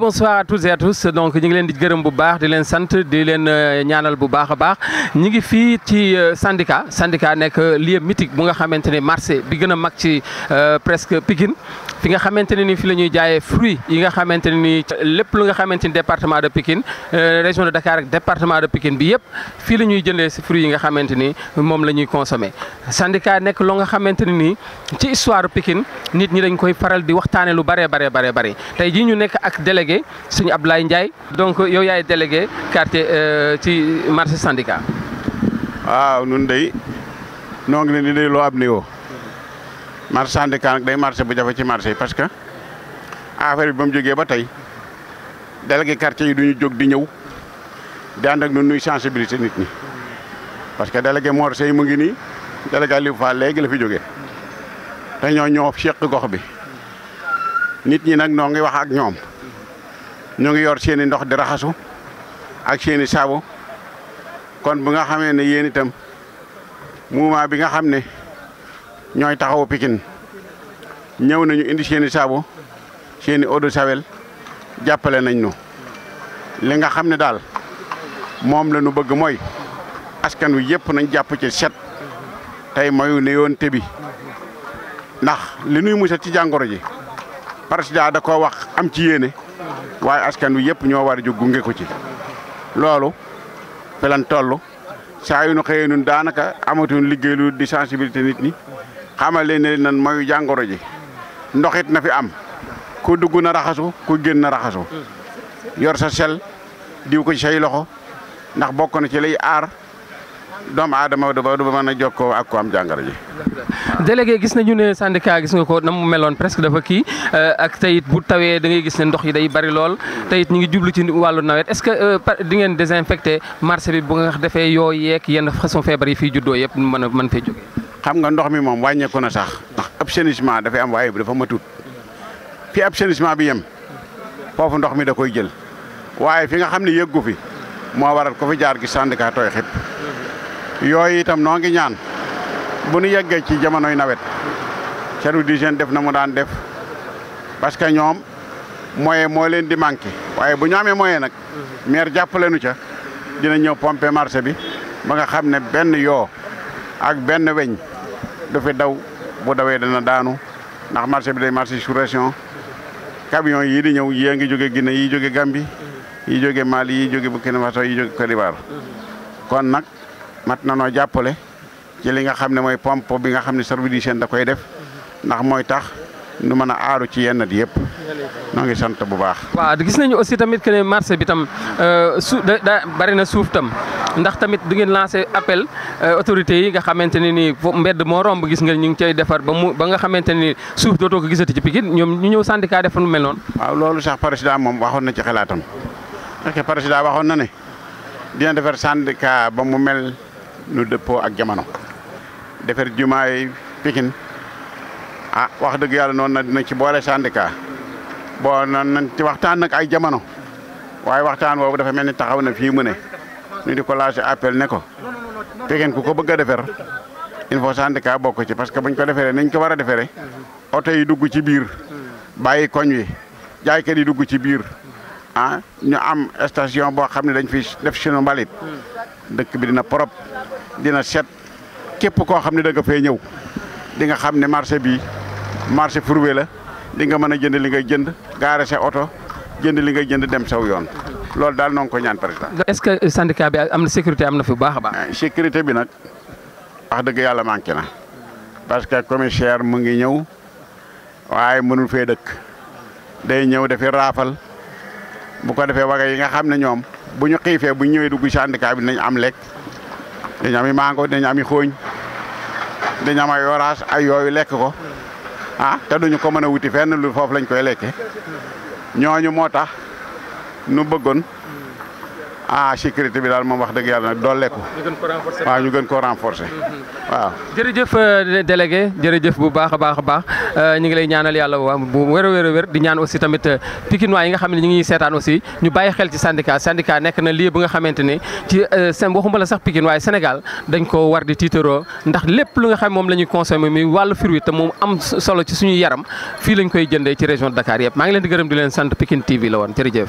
bonsoir à tous et à tous donc nous ngi leen di gërëm centre baax di leen di euh, euh, syndicat lieu mythique bu nga marché euh, presque fi nga xamanteni ni fi lañuy jaayé fruit yi nga xamanteni ni lepp lu nga xamanteni département de Pikine euh, région de Dakar ak département de Pikine bi yépp fi lañuy jëndé ci fruit yi nga xamanteni mom lañuy consommer syndicat nek lo nga xamanteni ni ci histoire Pikine nit ñi dañ koy faral di waxtané lu bare bare bare bare tay ji ñu nek ak délégué suñu Abdoulaye Ndiaye donc yow yaay délégué quartier euh, ci marché syndicat waaw ñun day noo ni day marsan de kan day marché bu jafé ci marché parce que affaire bi bam joggé ba tay délégué quartier yi duñu jog di ñew di and ak ñu nuy sensibilité nit ñi parce que délégué Mor Seye mu ngi ni délégué Aliou Fall léegi la fi joggé te ñoo ñoo seq gox bi nit ñi nak noo ngi wax ak ñoom ñu ngi yor seeni ndox di raxasu ak seeni i kon bu nga xamé ne yeen itam mouvement bi nga xamné ñooy taxawu Pikine ñëw nañu indi seeni saabu seeni eau de jàppale nañ nu li nga xam ne daal moom la ñu bëgg mooy askan wi yëpp nañ jàpp ci set tey mooy ne yoon te bi ndax li nuy musal ci jàngoro ji président da koo wax am ci yéene waaye askan wi yëpp ñoo war a jóg gunge ko ci loolu fi lan toll saa nu xëyee nun daanaka amatuñ liggéey di sensibilité nit ñi xamal leen ne nan mayu jàngoro ji ndoxit na fi am ku dugg na raxasu ku génn na raxasu yor sa sel diw ko ci say loxo ndax bokk na ci lay aar doomu aadama du ba man a koo ak ko am jàngoro ji. délégué gis ñu ne syndicat gis nga ko na mu meloon presque dafa kii euh, ak tayit bu tawee dangay gis ne ndox yi day bari lool tayit ñu ngi jublu ci wàllu nawet est-ce que euh, di ngeen désinfecté marché bi bu nga defee yoo yeeg yenn façon feebar yi fii juddoo yëpp mën a mën fee jógee. xam nga ndox mi moom wàññeeku na sax ndax assainissement dafay am waaye bu dafa matut fi assainissement bi yem foofu ndox mi da koy jël waaye fi nga xam ne yëggu fi moo waral ko fi jaar gi syndicat tooy yooyu itam noo ngi ñaan bu nu yeggee ci jamonoy nawet service d'hygiène def na mu daan def parce que ñoom moyen moo leen di manqué waaye bu ñu amee moyen nag maire jàppale nu ca dina ñëw pompe marché bi ba nga xam ne benn yoo ak benn weñ du fi daw bu dawee dana daanu ndax marché bi day marché sous région camion yii di ñëw yii a ngi jóge Guinée yii jóge Gambie yii jóge Mali yii jóge Burkina Faso yii jóge Côte d'Ivoire kon nag mat na noo jàppale ci li nga xam ne mooy pompe bi nga xam ne service d'hygiène da koy def ndax mooy tax nu mën a aaru ci yenn di yëpp noo ngi sant bu baax. waaw gis nañu aussi tamit keneen ne marché bi tam euh, su da bari na suuf tam ndax tamit du ngeen lancé appel euh, autorités yi nga xamante ne nii mbedd moo romb gis nga ñu ngi cay defar ba mu ba nga xamante ne suuf dootoo ko gisati ci Pikine ñoom ñu ñëw syndicat defar lu mel noon waaw loolu sax président moom waxoon na ci xalaatam parce que waxoon na ne dina defar syndicat ba mu mel nu dëppoo ak jamono defar jumaay Pikine ah wax dëgg yàlla noonu na dina ci boole syndicat bon noonu nañ ci waxtaan nag ay jamono waaye waxtaan boobu dafa mel ni taxaw na fii mu ne ñu di ko laajte appel ne ko pegeen ku ko bëgg a defar il faut syndicat bokk ci parce que buñ ko deferee nañ ko war a defere oto yi dugg ci biir bàyyi koñ wi jaaykat yi dugg ci biir ah ñu am station boo xam ne dañ fi def sunu mbalit dëkk bi dina propre dina set képp koo xam ne da nga fee ñëw di nga xam ne marché bi marché fourbe la li nga mën a jënd li ngay jënd gaare oto jënd li ngay jënd dem saw yoon loolu daal noo ngi ko ñaan président. est-ce que syndicat bi am na sécurité am na fi bu baax a baax. Eh, sécurité bi nag wax dëgg yàlla manqué na parce que commissaire mu ngi ñëw waaye mënul fee dëkk day ñëw dafi raafal bu ko defee waga yi nga xam ne ñoom bu ñu xiifee bu ñëwee dugg syndicat bi dinañ am lekk dañ am i mango dañ am i xooñ dañu am ay oraas ay yooyu lekk ko. ah te duñu ko mën a wuti fenn lu foofu lañ koy lekke ñooñu moo tax nu bëggoon ah sécurité bi dal moom wax deug yalla nak dooleeku. ko renforcer ñu gën ko renforcer. waaw mm-hmm. jërëjëf euh, délégué jërëjëf bu baaxa baaxa baax a baax euh, ngi lay ñaanal yalla bu wër wër wër di ñaan aussi tamit euh, pikinois yi nga xamni ñi ngi seetaan aussi ñu bàyyi xel ci syndicat syndicat nek na lieu bu nga xamanteni ci sem waxuma la sax pikinois waaye Sénégal dañ ko war di titéro ndax lepp lu nga xam mom lañuy consommer mi walu fruit te mom am solo ci suñu yaram fi lañ koy jëndé ci région Dakar yépp ma ngi leen di gërëm di leen sante pikin TV la won woon jërëjëf